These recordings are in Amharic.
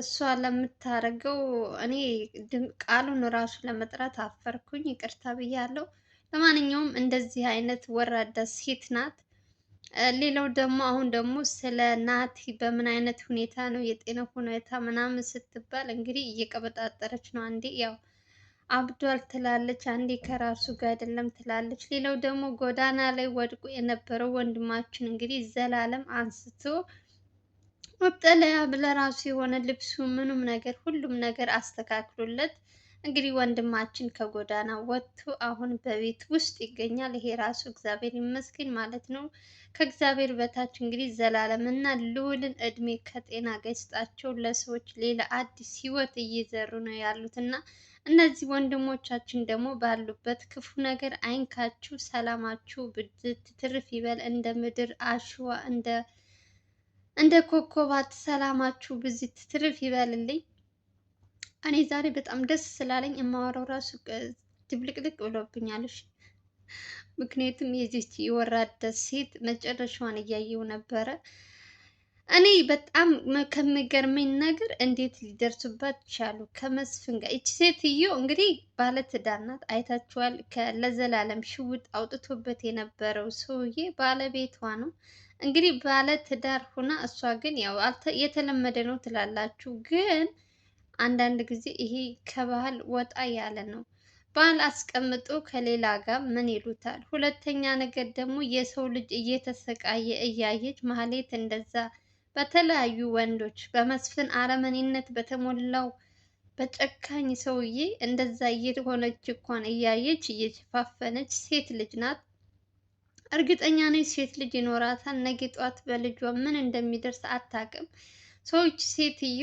እሷ ለምታደርገው እኔ ቃሉን ራሱ ለመጥራት አፈርኩኝ፣ ይቅርታ ብያለሁ። ለማንኛውም እንደዚህ አይነት ወራዳ ሴት ናት። ሌላው ደግሞ አሁን ደግሞ ስለ ናቲ በምን አይነት ሁኔታ ነው የጤና ሁኔታ ምናምን ስትባል እንግዲህ እየቀበጣጠረች ነው። አንዴ ያው አብዷል ትላለች፣ አንዴ ከራሱ ጋር አይደለም ትላለች። ሌላው ደግሞ ጎዳና ላይ ወድቆ የነበረው ወንድማችን እንግዲህ ዘላለም አንስቶ መጠለያ ለራሱ የሆነ ልብሱ ምኑም ነገር ሁሉም ነገር አስተካክሎለት እንግዲህ ወንድማችን ከጎዳና ወጥቶ አሁን በቤት ውስጥ ይገኛል። ይሄ ራሱ እግዚአብሔር ይመስገን ማለት ነው። ከእግዚአብሔር በታች እንግዲህ ዘላለም እና ልዑልን እድሜ ከጤና ገስጣቸው ለሰዎች ሌላ አዲስ ህይወት እየዘሩ ነው ያሉት እና እነዚህ ወንድሞቻችን ደግሞ ባሉበት ክፉ ነገር አይንካችሁ፣ ሰላማችሁ ብዝት ትርፍ ይበል እንደ ምድር አሸዋ እንደ እንደ ኮኮባት ሰላማችሁ ብዚህ ትርፍ ይበልልኝ። እኔ ዛሬ በጣም ደስ ስላለኝ የማወራው ራሱ ድብልቅልቅ ብሎብኛለሽ። ምክንያቱም የዚች የወራደ ሴት መጨረሻዋን እያየው ነበረ። እኔ በጣም ከሚገርመኝ ነገር እንዴት ሊደርሱባት ይቻሉ ከመስፍን ጋር። ይቺ ሴትዮ እንግዲህ ባለትዳር ናት፣ አይታችኋል። ለዘላለም ሽውጥ አውጥቶበት የነበረው ሰውዬ ባለቤቷ ነው። እንግዲህ ባለ ትዳር ሁና እሷ ግን ያው የተለመደ ነው ትላላችሁ፣ ግን አንዳንድ ጊዜ ይሄ ከባህል ወጣ ያለ ነው። ባል አስቀምጦ ከሌላ ጋር ምን ይሉታል? ሁለተኛ ነገር ደግሞ የሰው ልጅ እየተሰቃየ እያየች ማህሌት እንደዛ በተለያዩ ወንዶች በመስፍን አረመኔነት በተሞላው በጨካኝ ሰውዬ እንደዛ እየሆነች እንኳን እያየች እየሸፋፈነች ሴት ልጅ ናት እርግጠኛ ነኝ ሴት ልጅ ይኖራታል። ነገ ጧት በልጇ ምን እንደሚደርስ አታውቅም። ሰዎች ሴትዮ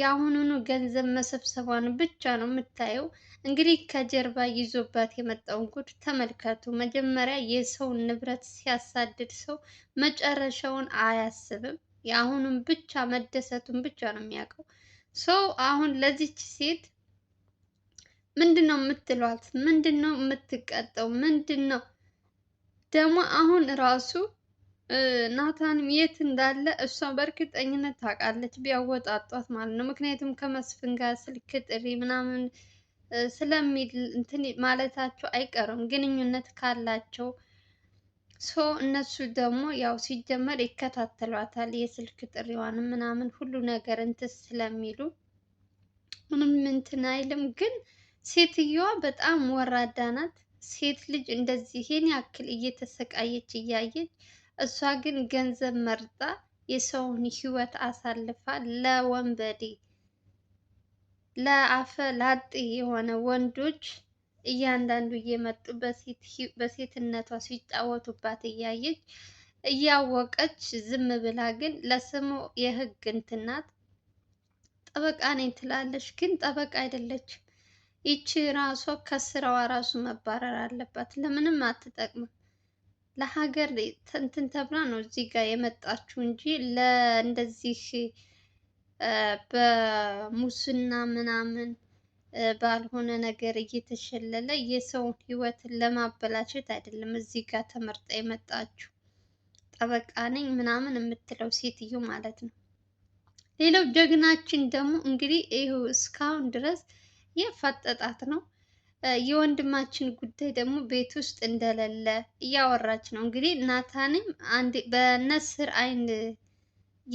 የአሁኑኑ ገንዘብ መሰብሰቧን ብቻ ነው የምታየው። እንግዲህ ከጀርባ ይዞባት የመጣውን ጉድ ተመልከቱ። መጀመሪያ የሰውን ንብረት ሲያሳድድ ሰው መጨረሻውን አያስብም። የአሁኑን ብቻ መደሰቱን ብቻ ነው የሚያውቀው። ሰው አሁን ለዚች ሴት ምንድን ነው የምትሏት? ምንድን ነው የምትቀጠው? ምንድን ነው ደግሞ አሁን ራሱ ናታን የት እንዳለ እሷ በእርግጠኝነት ታውቃለች፣ ቢያወጣጧት ማለት ነው። ምክንያቱም ከመስፍን ጋር ስልክ ጥሪ ምናምን ስለሚል እንትን ማለታቸው አይቀርም ግንኙነት ካላቸው ሶ እነሱ ደግሞ ያው ሲጀመር ይከታተሏታል። የስልክ ጥሪዋንም ምናምን ሁሉ ነገር እንትን ስለሚሉ ምንም እንትን አይልም። ግን ሴትየዋ በጣም ወራዳ ናት። ሴት ልጅ እንደዚህ ይሄን ያክል እየተሰቃየች እያየች እሷ ግን ገንዘብ መርጣ የሰውን ህይወት አሳልፋ ለወንበዴ ለአፈ ላጤ የሆነ ወንዶች እያንዳንዱ እየመጡ በሴትነቷ ሲጫወቱባት እያየች እያወቀች ዝም ብላ ግን ለስሙ የህግ እንትን ናት። ጠበቃ ነኝ ትላለች፣ ግን ጠበቃ አይደለችም። ይቺ ራሷ ከስራዋ ራሱ መባረር አለባት። ለምንም አትጠቅምም። ለሀገር እንትን ተብላ ነው እዚህ ጋር የመጣችው እንጂ ለእንደዚህ በሙስና ምናምን ባልሆነ ነገር እየተሸለለ የሰውን ህይወት ለማበላሸት አይደለም እዚህ ጋር ተመርጣ የመጣችው ጠበቃ ነኝ ምናምን የምትለው ሴትዮ ማለት ነው። ሌላው ጀግናችን ደግሞ እንግዲህ ይኸው እስካሁን ድረስ እየፈጠጣት ነው። የወንድማችን ጉዳይ ደግሞ ቤት ውስጥ እንደሌለ እያወራች ነው። እንግዲህ ናታንም በነስር አይን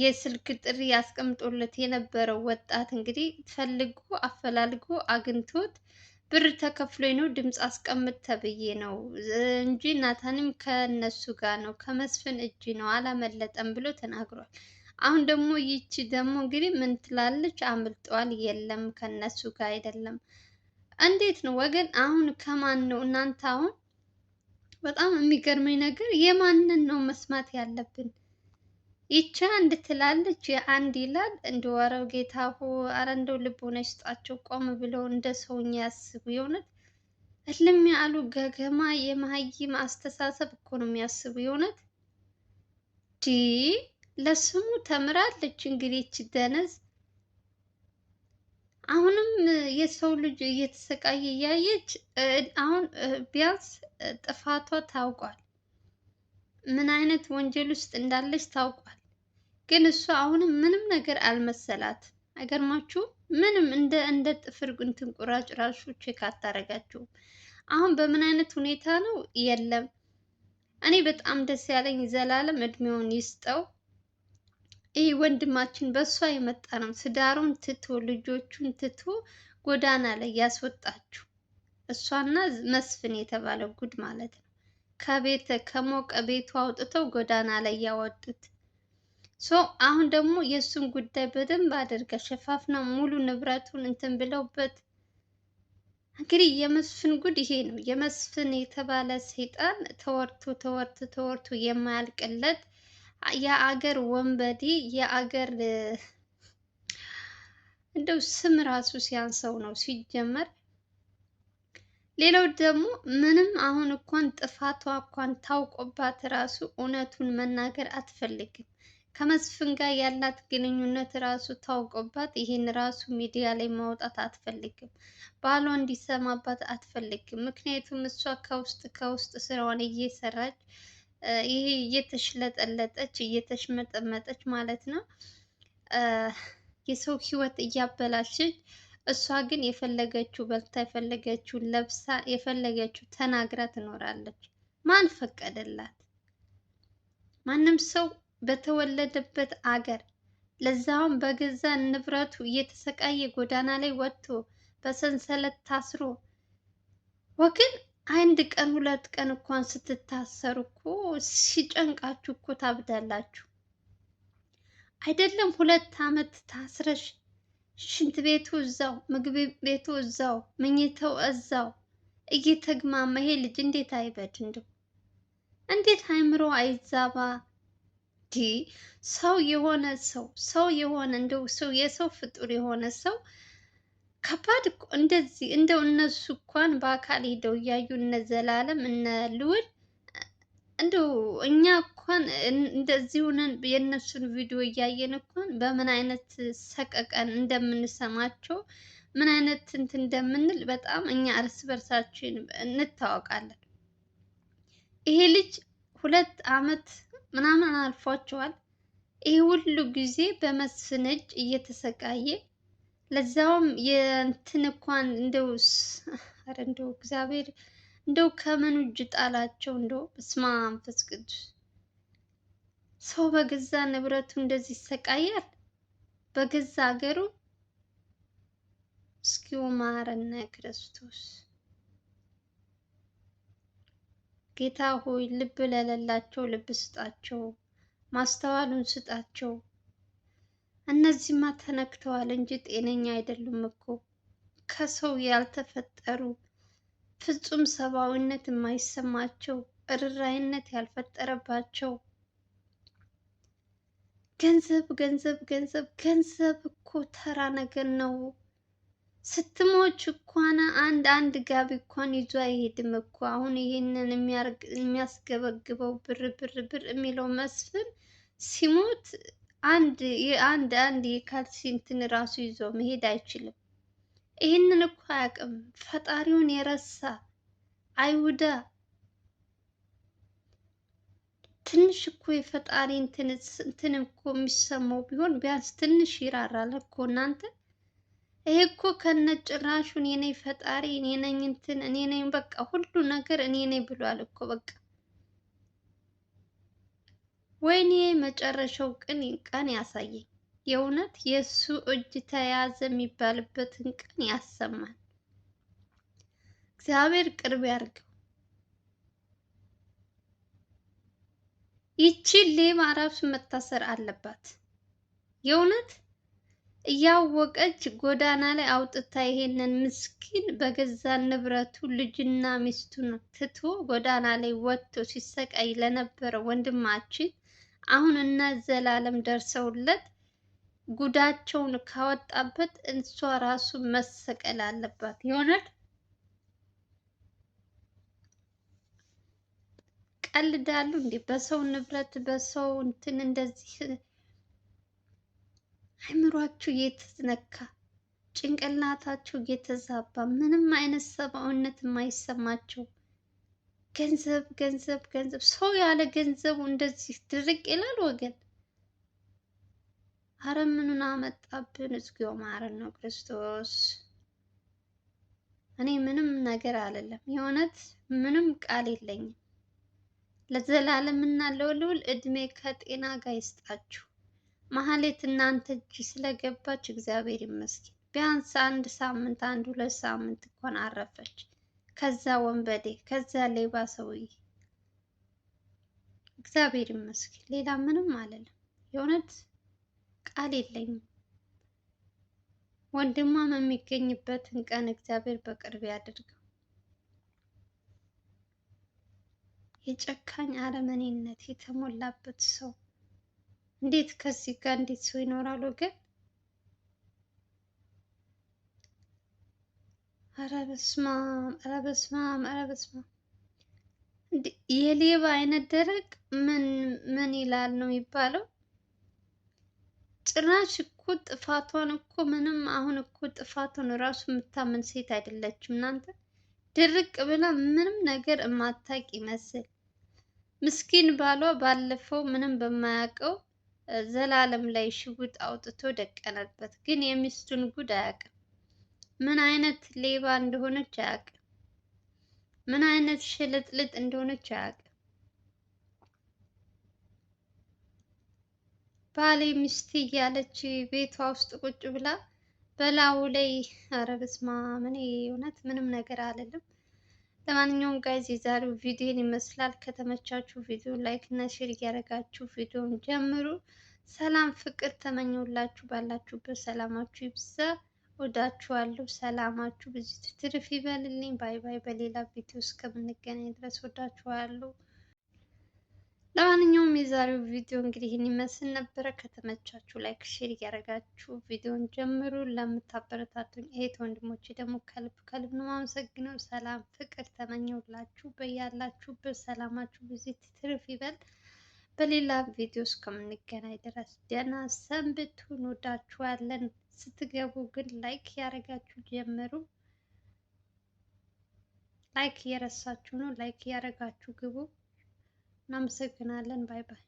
የስልክ ጥሪ ያስቀምጦለት የነበረው ወጣት እንግዲህ ፈልጎ አፈላልጎ አግኝቶት ብር ተከፍሎ ነው ድምፅ አስቀምጥ ተብዬ ነው እንጂ ናታንም ከነሱ ጋር ነው ከመስፍን እጅ ነው አላመለጠም ብሎ ተናግሯል። አሁን ደግሞ ይቺ ደግሞ እንግዲህ ምን ትላለች? አምልጧል የለም ከነሱ ጋር አይደለም። እንዴት ነው ወገን? አሁን ከማን ነው እናንተ? አሁን በጣም የሚገርመኝ ነገር የማንን ነው መስማት ያለብን? ይቺ አንድ ትላለች፣ የአንድ ይላል። እንደ ወረው ጌታ ሆ ኧረ እንደው ልቦና ይስጣቸው፣ ቆም ብለው እንደ ሰውኛ ያስቡ። የእውነት እልም ያሉ ገገማ የመሀይም አስተሳሰብ እኮ ነው የሚያስቡ የእውነት ዲ ለስሙ ተምራለች። እንግዲህ እቺ ደነዝ አሁንም የሰው ልጅ እየተሰቃየ እያየች አሁን ቢያንስ ጥፋቷ ታውቋል። ምን አይነት ወንጀል ውስጥ እንዳለች ታውቋል። ግን እሱ አሁንም ምንም ነገር አልመሰላት። አይገርማችሁ? ምንም እንደ እንደ ጥፍር እንትን ቁራጭ ራሱ ቼክ አሁን በምን አይነት ሁኔታ ነው የለም። እኔ በጣም ደስ ያለኝ ዘላለም እድሜውን ይስጠው። ይህ ወንድማችን በእሷ የመጣ ነው። ትዳሩን ትቶ ልጆቹን ትቶ ጎዳና ላይ ያስወጣችሁ እሷና መስፍን የተባለ ጉድ ማለት ነው። ከቤተ ከሞቀ ቤቱ አውጥተው ጎዳና ላይ ያወጡት ሶ አሁን ደግሞ የእሱን ጉዳይ በደንብ አድርጋ ሸፋፍና ሙሉ ንብረቱን እንትን ብለውበት እንግዲህ የመስፍን ጉድ ይሄ ነው። የመስፍን የተባለ ሰይጣን ተወርቶ ተወርቶ ተወርቶ የማያልቅለት የአገር ወንበዴ የአገር እንደው ስም ራሱ ሲያንሰው ነው ሲጀመር። ሌላው ደግሞ ምንም አሁን እንኳን ጥፋቷ እንኳን ታውቆባት ራሱ እውነቱን መናገር አትፈልግም። ከመስፍን ጋር ያላት ግንኙነት ራሱ ታውቆባት ይህን ራሱ ሚዲያ ላይ ማውጣት አትፈልግም። ባሏ እንዲሰማባት አትፈልግም። ምክንያቱም እሷ ከውስጥ ከውስጥ ስራዋን እየሰራች ይሄ እየተሽለጠለጠች እየተሽመጠመጠች ማለት ነው የሰው ህይወት እያበላሸች እሷ ግን የፈለገችው በልታ የፈለገችው ለብሳ የፈለገችው ተናግራ ትኖራለች። ማን ፈቀደላት? ማንም ሰው በተወለደበት አገር ለዛውም በገዛ ንብረቱ እየተሰቃየ ጎዳና ላይ ወጥቶ በሰንሰለት ታስሮ ወግን አንድ ቀን ሁለት ቀን እንኳን ስትታሰሩ እኮ ሲጨንቃችሁ እኮ ታብዳላችሁ። አይደለም ሁለት አመት ታስረሽ ሽንት ቤቱ እዛው፣ ምግብ ቤቱ እዛው፣ መኝተው እዛው እየተግማማ ይሄ ልጅ እንዴት አይበድ? እንደው እንዴት አይምሮ አይዛባ? ዲ ሰው የሆነ ሰው ሰው የሆነ እንደው ሰው የሰው ፍጡር የሆነ ሰው ከባድ እኮ እንደዚህ እንደው እነሱ እንኳን በአካል ሄደው እያዩ እነ ዘላለም እነ ልውል እንደው እኛ እንኳን እንደዚህ ሆነን የእነሱን ቪዲዮ እያየን እንኳን በምን አይነት ሰቀቀን እንደምንሰማቸው ምን አይነት እንትን እንደምንል በጣም እኛ እርስ በርሳችን እንታወቃለን። ይሄ ልጅ ሁለት አመት ምናምን አልፏቸዋል። ይሄ ሁሉ ጊዜ በመስፍን እጅ እየተሰቃየ ለዛውም የእንትን እንኳን እንደው ኧረ እንደው እግዚአብሔር እንደው ከምኑ እጅ ጣላቸው። እንደው በስመ አብ መንፈስ ቅዱስ ሰው በገዛ ንብረቱ እንደዚህ ይሰቃያል። በገዛ ሀገሩ እስኪው ማረነ ክርስቶስ ጌታ ሆይ ልብ ለሌላቸው ልብ ስጣቸው፣ ማስተዋሉን ስጣቸው። እነዚህማ ተነክተዋል እንጂ ጤነኛ አይደሉም እኮ ከሰው ያልተፈጠሩ ፍጹም ሰብአዊነት የማይሰማቸው እርራይነት ያልፈጠረባቸው። ገንዘብ ገንዘብ ገንዘብ ገንዘብ እኮ ተራ ነገር ነው። ስትሞች እንኳን አንድ አንድ ጋቢ እንኳን ይዞ አይሄድም እኮ። አሁን ይህንን የሚያስገበግበው ብር ብር ብር የሚለው መስፍን ሲሞት አንድ አንድ አንድ የካልሲ እንትን ራሱ ይዞ መሄድ አይችልም። ይህንን እኮ አያውቅም። ፈጣሪውን የረሳ አይሁዳ ትንሽ እኮ የፈጣሪ እንትን እኮ የሚሰማው ቢሆን ቢያንስ ትንሽ ይራራል እኮ እናንተ። ይሄ እኮ ከነ ጭራሹን የኔ ፈጣሪ፣ እኔ ነኝ እንትን፣ እኔ ነኝ በቃ ሁሉ ነገር እኔ ነኝ ብሏል እኮ በቃ ወይኔ መጨረሻው ቅን ቀን ያሳየኝ። የእውነት የእሱ እጅ ተያዘ የሚባልበትን ቀን ያሰማል። እግዚአብሔር ቅርብ ያድርገው። ይቺ ሌባ ራሱ መታሰር አለባት። የእውነት እያወቀች ጎዳና ላይ አውጥታ ይሄንን ምስኪን በገዛ ንብረቱ ልጅና ሚስቱን ትቶ ጎዳና ላይ ወጥቶ ሲሰቃይ ለነበረ ወንድማችን አሁን እነ ዘላለም ደርሰውለት ጉዳቸውን ካወጣበት እሷ ራሱ መሰቀል አለባት ይሆናል። ቀልዳሉ እንዴ? በሰው ንብረት በሰው እንትን እንደዚህ አይምሯችሁ እየተነካ ጭንቅላታችሁ እየተዛባ ምንም አይነት ሰብአዊነት የማይሰማቸው? ገንዘብ ገንዘብ ገንዘብ። ሰው ያለ ገንዘቡ እንደዚህ ድርቅ ይላል ወገን። አረ ምኑን አመጣብን? እግዚኦ ማረን ነው ክርስቶስ። እኔ ምንም ነገር አለለም፣ የእውነት ምንም ቃል የለኝም። ለዘላለም እና ለልዑል እድሜ ከጤና ጋር ይስጣችሁ። መሀሌት እናንተ እጅ ስለገባች እግዚአብሔር ይመስገን። ቢያንስ አንድ ሳምንት አንድ ሁለት ሳምንት እንኳን አረፈች። ከዛ ወንበዴ፣ ከዛ ሌባ ሰውዬ እግዚአብሔር ይመስገን። ሌላ ምንም አለለም። የእውነት ቃል የለኝም። ወንድሟም የሚገኝበትን ቀን እግዚአብሔር በቅርብ ያድርገው። የጨካኝ አረመኔነት የተሞላበት ሰው እንዴት ከዚህ ጋር እንዴት ሰው ይኖራል ግን ኧረ በስመ አብ! ኧረ በስመ አብ! በስመ አብ! የሌባ አይነት ደረቅ ምን ምን ይላል ነው የሚባለው። ጭራሽ እኮ ጥፋቷን እኮ ምንም አሁን እኮ ጥፋቷን እራሱ የምታምን ሴት አይደለችም። እናንተ ድርቅ ብላ ምንም ነገር እማታቅ ይመስል ምስኪን ባሏ ባለፈው ምንም በማያውቀው ዘላለም ላይ ሽጉጥ አውጥቶ ደቀነበት። ግን የሚስቱን ጉድ አያውቅም። ምን አይነት ሌባ እንደሆነች አያውቅም። ምን አይነት ሽልጥልጥ እንደሆነች አያቅ ባሌ ሚስቴ እያለች ቤቷ ውስጥ ቁጭ ብላ በላዩ ላይ ኧረ በስመ አብ! እኔ እውነት ምንም ነገር አልልም። ለማንኛውም ጋይዝ የዛሬው ቪዲዮን ይመስላል። ከተመቻችሁ ቪዲዮ ላይክ እና ሼር እያደረጋችሁ ቪዲዮን ጀምሩ። ሰላም ፍቅር ተመኘውላችሁ። ባላችሁበት ሰላማችሁ ይብዛ። ወዳችኋለሁ። ሰላማችሁ ብዙ ትርፍ ይበልልኝ። ባይ ባይ። በሌላ ቪዲዮ እስከምንገናኝ ድረስ ወዳችኋለሁ። ለማንኛውም የዛሬው ቪዲዮ እንግዲህ ይህን ይመስል ነበረ። ከተመቻችሁ ላይክ፣ ሼር እያደረጋችሁ ቪዲዮን ጀምሩ። ለምታበረታቱኝ እህት ወንድሞቼ ደግሞ ከልብ ከልብ ነው ሰላም ፍቅር ተመኘሁላችሁ። በያላችሁበት ሰላማችሁ ብዙ ትርፍ ይበል። በሌላ ቪዲዮ እስከምንገናኝ ድረስ ደህና ሰንብቱ። እንወዳችኋለን። ስትገቡ ግን ላይክ ያደረጋችሁ ጀምሩ። ላይክ እየረሳችሁ ነው። ላይክ እያደረጋችሁ ግቡ። እናመሰግናለን። ባይ ባይ።